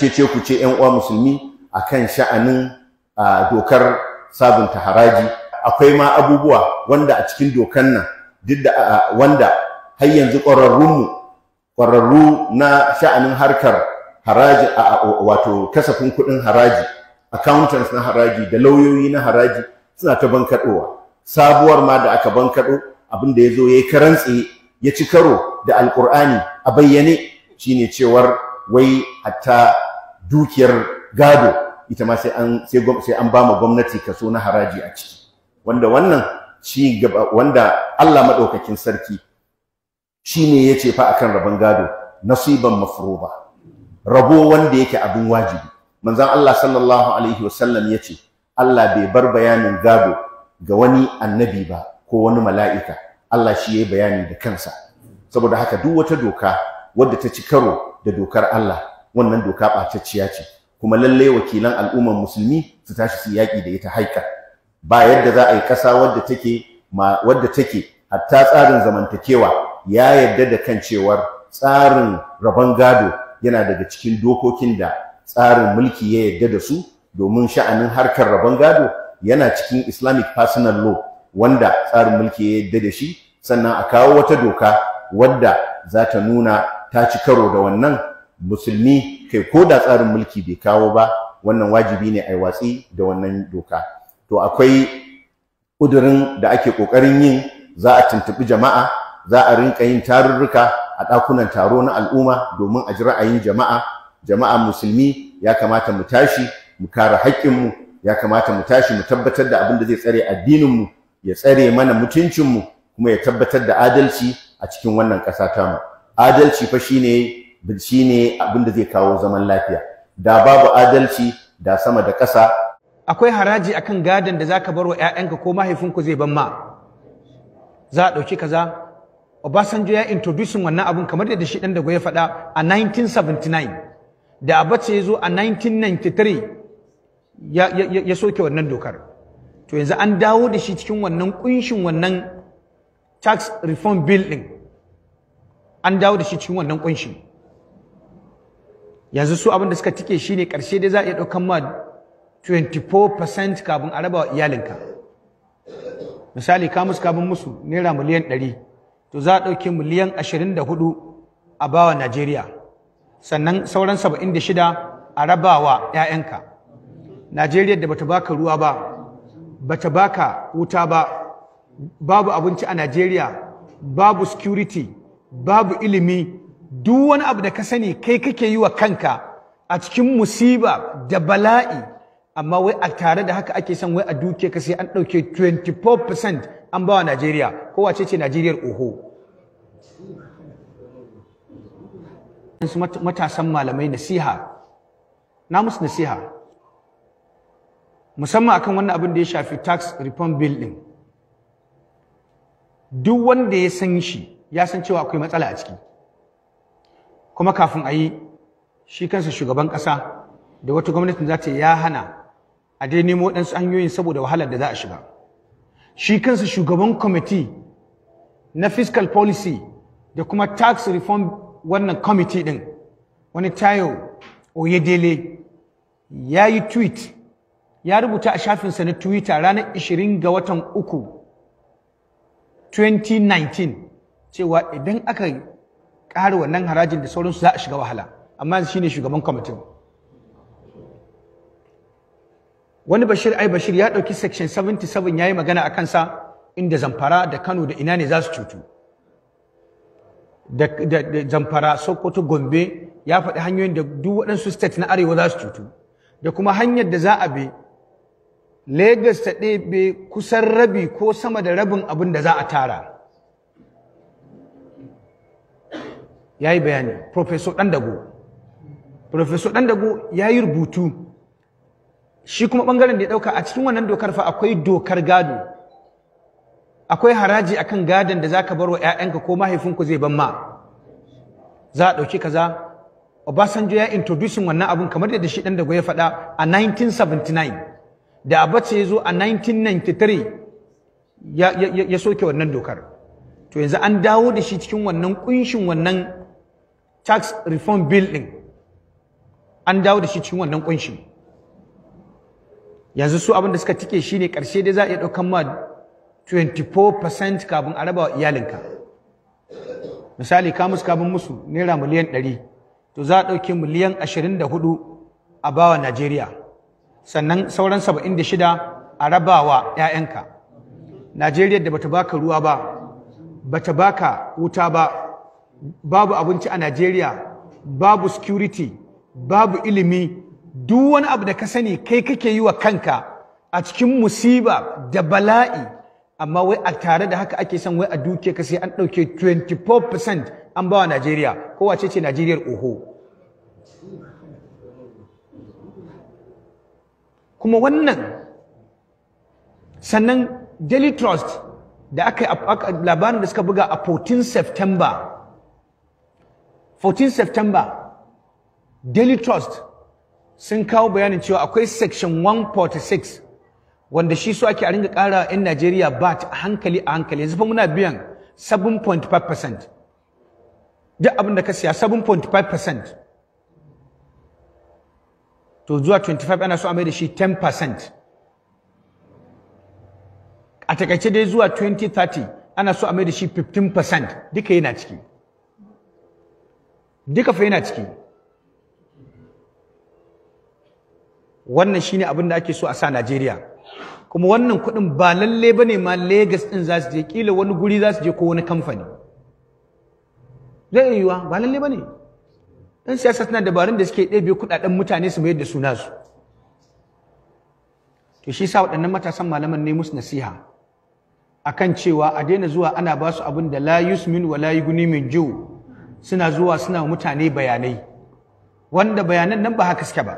cece ku ce ƴan uwa musulmi akan sha'anin dokar sabunta haraji akwai ma abubuwa wanda a cikin dokan nan duk da wanda har yanzu ƙwararrunmu ƙwararru na sha'anin harkar haraji wato kasafin kuɗin haraji accountants na haraji da lauyoyi na haraji suna ta bankaɗowa sabuwar ma da aka bankaɗo abin da ya zo ya yi karantsi ya ci karo da alƙur'ani a bayyane shine cewar wai hatta dukiyar gado ita ma sai an sai an ba mu gwamnati kaso na haraji a ciki wanda wannan ci gaba wanda Allah madaukakin sarki shine yace fa akan rabon gado nasiban mafruba rabo wanda yake abin wajibi manzon Allah sallallahu alaihi wasallam yace Allah bai bar bayanin gado ga wani annabi ba ko wani mala'ika Allah shi yayi bayani da kansa saboda haka duk wata doka wadda ta ci karo da dokar Allah wannan doka ɓacacciya ce kuma lalle wakilan al'ummar musulmi su tashi su yaƙi da ita haika ba yadda za a yi ƙasa wadda take ma hatta tsarin zamantakewa ya yadda da kan cewar tsarin rabon gado yana daga cikin dokokin da tsarin mulki ya yadda da su domin sha'anin harkar rabon gado yana cikin islamic personal law wanda tsarin mulki ya yadda da shi sannan a kawo wata doka wadda za ta nuna ta ci karo da wannan musulmi kai ko da tsarin mulki bai kawo ba wannan wajibi ne a watsi da wannan doka to akwai ƙudurin da ake ƙoƙarin yin za a tuntuɓi jama'a za a rinka yin tarurruka a ɗakunan taro na al'umma domin a ji ra'ayin jama'a jama'a musulmi ya kamata mu tashi mu kare haƙƙinmu ya kamata mu tashi mu tabbatar da abin da zai tsare addininmu ya tsare mana mutuncinmu kuma ya tabbatar da adalci a cikin wannan ƙasa tamu adalci fa shine shi ne abin da zai kawo zaman lafiya da babu adalci da sama da ƙasa akwai haraji akan gadon da zaka bar wa 'ya'yanka ko mahaifinku zai ban ma za a ɗauki kaza Obasanjo ya introduce wannan abun kamar da shi ɗan dago ya faɗa a 1979 da Abacha ya zo a 1993 ya soke wannan dokar to yanzu an dawo da shi cikin wannan kunshin wannan tax reform bill ɗin an dawo da shi cikin wannan ƙunshin yanzu su abin da suka tike shine karshe dai za a iya ɗaukan ma 24% kafin a raba wa iyalinka misali ka musu kafin musu naira miliyan 100 to za a ɗauke miliyan 24 a bawa Najeriya sannan sauran 76 a raba wa 'ya'yanka Najeriya da bata baka ruwa ba bata baka wuta ba babu abinci a Najeriya babu security babu ilimi duk wani abu da ka sani kai kake yi wa kanka a cikin musiba da bala'i amma wai a tare da haka ake son wai a duke ka sai an ɗauke 24% an bawa Najeriya ko wace ce Najeriyar oho matasan malamai nasiha na musu nasiha musamman akan wannan abin da ya shafi tax reform bill din duk wanda ya san shi ya san cewa akwai matsala a ciki kuma kafin a yi shi kansa shugaban ƙasa da wata gwamnatin za ta ya hana a dai nemo waɗansu hanyoyin saboda wahalar da za a shiga shi kansa shugaban kwamiti na fiscal policy da kuma tax reform wannan kwamiti ɗin wani tayo oyedele ya yi tweet ya rubuta a shafinsa na twitter ranar 20 ga watan uku 2019 cewa idan aka ƙara wannan harajin da sauransu za a shiga wahala amma shi ne shugaban kwamitin wani bashir ai bashir ya ɗauki section 77 ya yi magana a kansa inda zamfara da kano da ina ne za su cutu da zamfara sokoto gombe ya faɗi hanyoyin da duk waɗansu state na arewa za su cutu da kuma hanyar da za a bi Legas ta ɗebe kusan rabi ko sama da rabin abin da za a tara ya yi bayani professor ɗandago professor dandago ya yi rubutu shi kuma bangaren da ya dauka a cikin wannan dokar fa akwai dokar gado akwai haraji akan gadon da zaka bar wa 'ya'yanka ko mahaifinku zai ban ma za a ɗauki kaza Obasanjo ya introducing wannan abun kamar yadda shi ɗandago ya faɗa a 1979 da Abacha ya zo a 1993 ya soke wannan dokar to yanzu an dawo da shi cikin wannan kunshin wannan tax reform bill ɗin an dawo da shi cikin wannan kunshi yanzu su abin da suka tike shi ne ƙarshe dai za a iya ɗaukan ma 24% kafin a raba wa iyalinka misali ka musu kafin musu naira miliyan 100 to za a ɗauki miliyan 24 a bawa najeriya sannan sauran 76 a raba wa 'ya'yanka najeriya da bata baka ruwa ba bata baka wuta ba babu abinci a Najeriya babu security babu ilimi duk wani abu da ka sani kai kake yi wa kanka a cikin musiba da bala'i amma wai a tare da haka ake son wai a duke ka sai an ɗauke 24% an bawa Najeriya ko wace ce Najeriyar oho kuma wannan sannan daily trust da aka labarin da suka buga a 14 September 14 September Daily Trust sun kawo bayanin cewa akwai section 146 wanda shi su ake a ringa ƙara 'yan Najeriya bat a hankali a hankali yanzu fa muna biyan 7.5% duk abin da ka siya 7.5% to zuwa 25 ana so a mai da shi 10% a takaice dai zuwa 2030 ana so a mai da shi 15% duka yana ciki duka fa yana ciki wannan shine abin da ake so a sa Najeriya kuma wannan kuɗin ba lalle bane ma Lagos din za su je kila wani guri za su je ko wani kamfani zai yiwa ba lalle bane dan siyasa suna dabarun da suke ɗebe kuɗaɗen mutane su mayar da suna su to shi sa waɗannan matasan malaman ne musu nasiha akan cewa a daina zuwa ana ba su abin da la yusmin wa la min ju' suna zuwa suna mutane bayanai wanda bayanan nan ba haka suke ba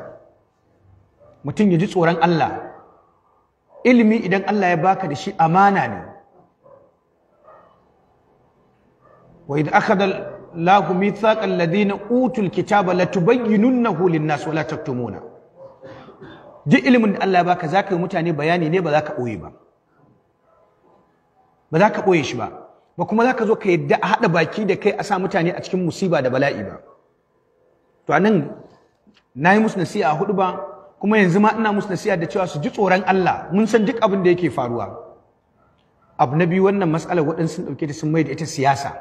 mutum ya ji tsoron Allah ilimi idan Allah ya baka da shi amana ne wa idh akhadha Allahu mithaqa alladhina utul kitaba latubayyinunahu lin-nas wa la taktumuna duk ilimin da Allah ya baka zaka yi mutane bayani ne ba za ka ba ba za ka shi ba ba kuma za ka zo ka yadda a haɗa baki da kai a sa mutane a cikin musiba da bala'i ba to a nan na yi musu nasiha a hudu ba kuma yanzu ma ina musu nasiha da cewa su ji tsoron Allah mun san duk abin da yake faruwa abu na biyu wannan matsalar waɗansu sun ɗauke da sun mai da ita siyasa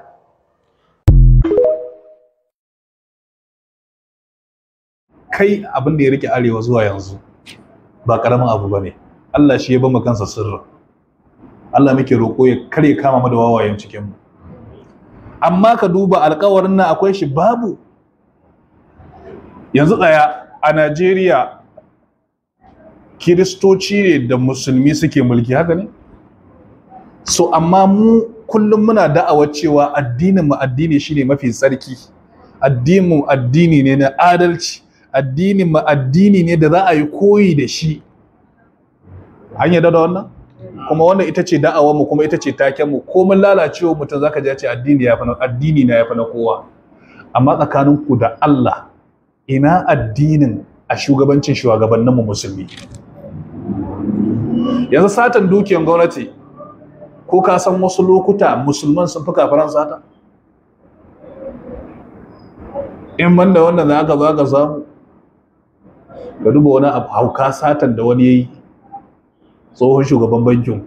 kai abin da ya rike arewa zuwa yanzu ba karamin abu ba ne Allah shi ya ba kansa sirrin Allah muke roƙo ya kare kama mu da wawayen cikin mu amma ka duba alƙawarin nan akwai shi babu yanzu tsaya a Najeriya kiristoci ne da musulmi suke mulki haka ne so amma mu kullum muna da'awar cewa addinin mu addini shine mafi tsarki addinin mu addini ne na adalci addinin mu addini ne da za a yi koyi da shi an yarda da wannan kuma wannan ita ce da'awar mu kuma ita ce taken mu komai lalacewa mutum zaka ji ce addini ya fa addini na ya fa na kowa amma tsakanin ku da Allah ina addinin a shugabancin shugabannin mu musulmi yanzu satan dukiyar gwamnati ko ka san wasu lokuta musulman sun fi kafaran ta? in banda wanda zaka zaka samu ka duba wani abu hauka satan da wani ya yi tsohon shugaban bankin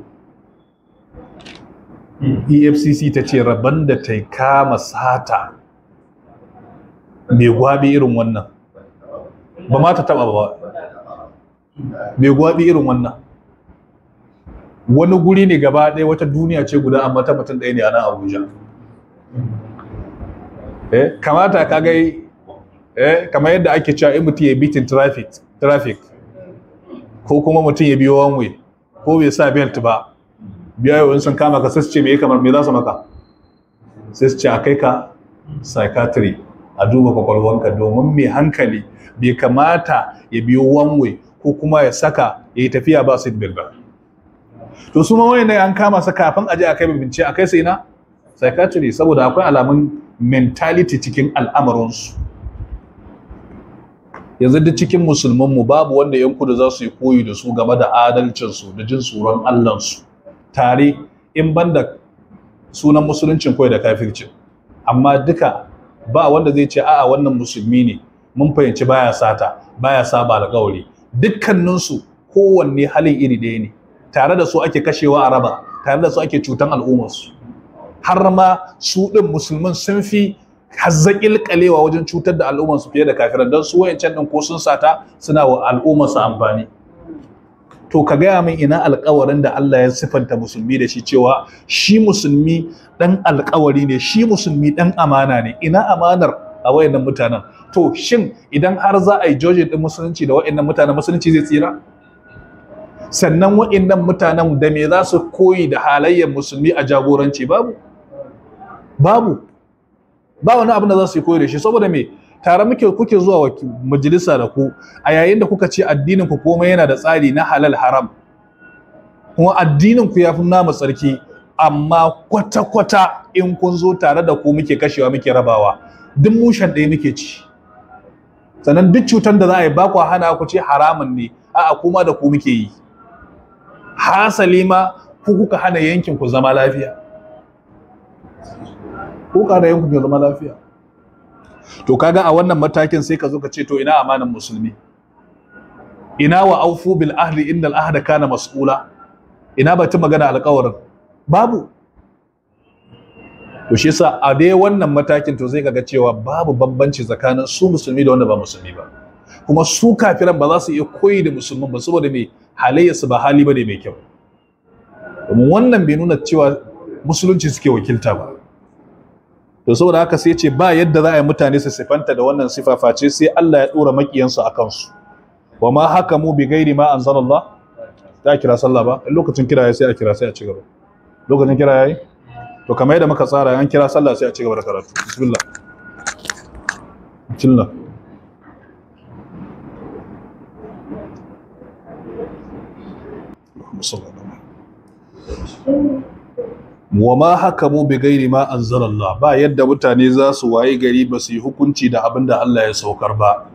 hmm. efcc ta ce rabon da ta kama sata mai gwabi irin wannan ba ma ta taba ba mai gwabi irin wannan wani guri ne gaba ɗaya wata duniya ce guda amma ta mutum ɗaya ne a nan abuja eh kamata ka gai eh kamar yadda ake cewa in mutum ya bitin traffic ko kuma mutum ya biyo one ko bai sa belt ba Biya biyayoyin sun kama ka sai me kamar me za su maka sai su ce a kai ka psychiatry a duba kwakwalwanka domin mai hankali bai kamata ya biyo one ko kuma ya saka ya yi tafiya ba su ba to su ma an kama sa kafin aje a kai bincike a kai sai na psychiatry saboda akwai alamun mentality cikin al'amuransu yanzu duk cikin musulman mu babu wanda yan kudu za su yi koyi da su game da adalcin su da jin tsoron Allah tare in banda sunan musuluncin koyi da kafircin amma duka ba wanda zai ce a'a wannan musulmi ne mun fahimci baya sata baya saba da dukkanin su kowanne halin iri ɗaya ne tare da su ake kashewa a raba tare da su ake cutan al'ummarsu har ma su ɗin musulman sun fi hazzakil kalewa wajen cutar da al'ummar su fiye da kafiran don su wayancan din ko sun sata suna wa al'ummar su amfani to ka gaya min ina alkawarin da Allah ya sifanta musulmi da shi cewa shi musulmi dan alkawari ne shi musulmi dan amana ne ina amanar a wayannan mutanen to shin idan har za a yi joji din musulunci da wayannan mutanen musulunci zai tsira sannan wayannan mutanen da me za su koyi da halayyar musulmi a jagoranci babu babu ba wani abin da za su yi koyo da shi saboda me tare muke kuke zuwa majalisa da ku a yayin da kuka ce addinin ku komai yana da tsari na halal haram kuma addinin ku ya fi namu tsarki amma kwata-kwata in kun zo tare da ku muke kashewa muke rabawa duk mushen ɗaya muke ci sannan duk cutar da za a yi ba ku hana ku ce haramun ne a'a kuma da ku muke yi hasali ma ku kuka hana yankin ku zama lafiya ko ƙarayen ku ya zama lafiya to kaga a wannan matakin sai ka zo ka ce to ina amanan musulmi ina wa aufu bil ahli innal ahda kana mas'ula ina batun magana alƙawarin babu to shi yasa a dai wannan matakin to zai kaga cewa babu bambanci tsakanin su musulmi da wanda ba musulmi ba kuma su kafiran ba za su iya koyi da musulman ba saboda mai halayyarsu ba hali bane mai kyau wannan bai nuna cewa musulunci suke wakilta ba to saboda haka sai ce ba yadda za a yi mutane su sifanta da wannan sifa face sai Allah ya dora makiyansu a kansu wa ma haka mu bi gairi ma anzalallah a kira sallah ba lokacin kira sai a kira sai a ci gaba lokacin kira yayi to kamar yadda muka tsara an kira sallah sai a ci gaba da karatu bismillah bismillah Allahumma salli ala Muhammad wa ma hakamu bi ghairi ma anzalallah ba yadda mutane za su waye gari ba su yi hukunci da abin da Allah ya saukar ba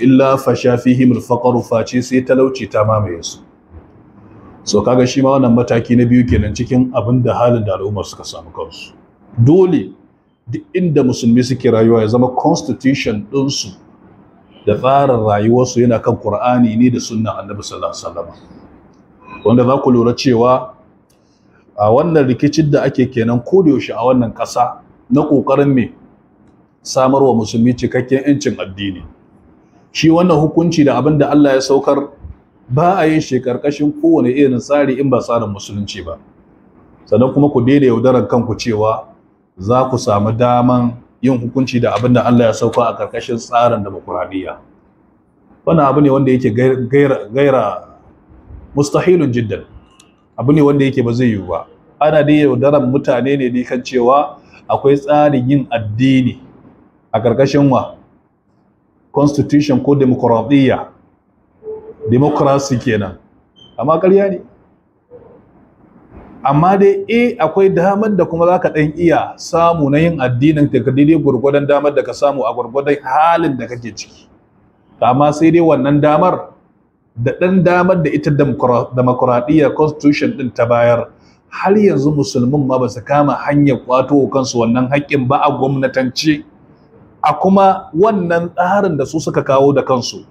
illa fasha fihim mul faqr face sai talauci ta mamaye su so kaga shi ma wannan mataki na biyu kenan cikin abin da halin da al'umma suka samu kansu dole duk inda musulmi suke rayuwa ya zama constitution ɗinsu da tsarin rayuwarsu yana kan Qur'ani ne da sunnan Annabi sallallahu alaihi wasallam wanda za ku lura cewa a wannan rikicin da ake kenan kodayaushe a wannan ƙasa na ƙoƙarin me samarwa wa musulmi cikakken 'yancin addini shi wannan hukunci da abinda Allah ya saukar ba a yin shi karkashin kowane irin tsari in ba tsarin musulunci ba sannan kuma ku daina yaudarar kanku cewa za ku samu daman yin hukunci da abinda Allah ya sauka a karkashin tsarin bukuraniya wannan abu ne wanda yake gaira mustahilun jiddan abu ne wanda yake ba zai yiwu ba ana dai yaudaran mutane ne dai kan cewa akwai tsarin yin addini a ƙarƙashin wa constitution ko demokuraɗiyya democracy kenan amma ƙarya ne amma dai e akwai damar da kuma za ka ɗan iya samu na yin addinin ka daidai gwargwadon damar da ka samu a gwargwadon halin da kake ciki amma sai dai wannan damar da ɗan damar da ita demokuraɗiyya constitution ɗin ta bayar har yanzu musulmin ma ba su kama hanyar kwato kansu wannan haƙƙin ba a gwamnatance a kuma wannan tsarin da su suka kawo da kansu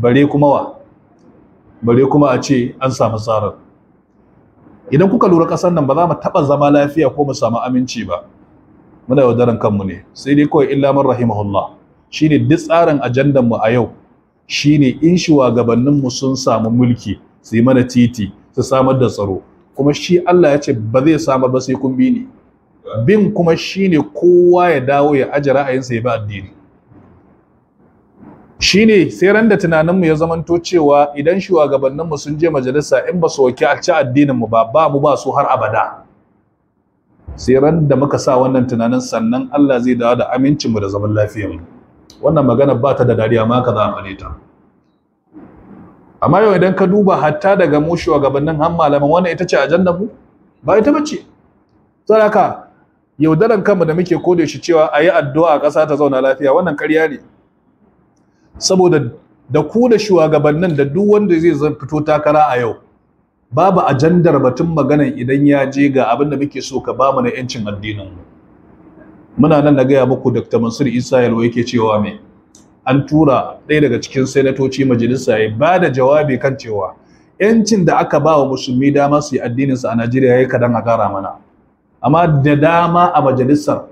bare kuma wa bare kuma a ce an samu tsarin idan kuka lura ƙasar nan ba za mu taɓa zama lafiya ko mu samu aminci ba muna yaudaran kanmu ne sai dai kawai illa man rahimahullah shine duk tsarin ajandan mu a yau shine in shugabanninmu sun samu mulki su yi mana titi su samar da tsaro kuma shi Allah ya ce ba zai samar ba sai kun bi bin kuma shine kowa ya dawo ya aje ra'ayinsa ya bi addini shine sai ran da tunaninmu ya zamanto cewa idan shugabanninmu sun je majalisa in ba su waki a ci addininmu ba ba mu ba su har abada sai ran da muka sa wannan tunanin sannan Allah zai dawo da amincinmu da zaman lafiyarmu wannan magana ba ta da dariya ma ka za a fare ta amma yau idan ka duba hatta daga mu gabanin har malaman wannan ita ce ajandar mu ba ita bace saboda yaudaran kanmu da muke kode shi cewa yi addu'a a ƙasa ta zauna lafiya wannan ƙarya ne saboda da ku da shugabannin da duk wanda zai fito takara a yau babu ajandar batun maganan idan ya je ga abin da muke so ka bamu na 'yancin addinin mu muna nan na gaya muku dr mansur isa yalwa yake cewa mai. an tura ɗaya daga cikin senatoci majalisa ya ba da jawabi kan cewa yancin da aka ba wa musulmi dama su yi addininsu a najeriya ya kadan a gara mana amma da dama a majalisar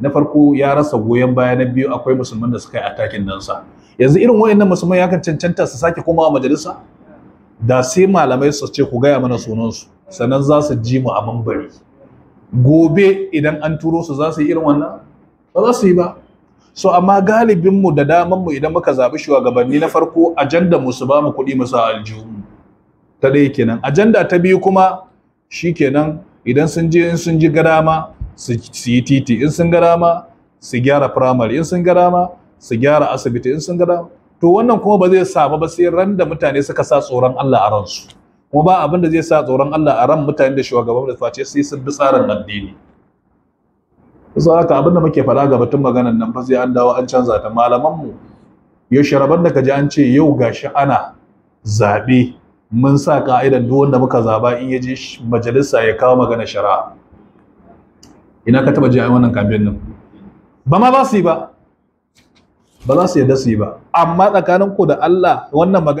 na farko ya rasa goyon baya na biyu akwai musulman da suka yi atakin nansa yanzu irin wayannan musulman ya kan cancanta su sake komawa majalisa da sai malamai su ce ku gaya mana sunansu sannan za su ji mu a bari gobe idan an turo su za su yi irin wannan ba za su yi ba so amma galibinmu da damanmu idan muka zaɓi shugabanni na farko ajanda mu su ba mu kuɗi mu sa aljihu ta ɗaya kenan ajanda ta biyu kuma shi kenan idan sun je in sun ji garama su yi titi in sun garama su gyara firamare in sun garama su gyara asibiti in sun garama to wannan kuma ba zai samu ba sai randa mutane suka sa tsoron Allah a ransu. kuma ba abin da zai sa tsoron Allah a ran mutane da shugaban da face sai sun bi tsarin addini saboda haka abin da muke faɗa ga batun maganar nan fa sai an dawo an canza ta malaman mu yau sharaban da kaji an ce yau gashi ana zabe mun sa ka'idar duk wanda muka zaba in ya je majalisa ya kawo magana shari'a ina ka taba ji a wannan kamfen nan ba ma ba su yi ba ba za su yarda su yi ba amma tsakanin ku da Allah wannan magana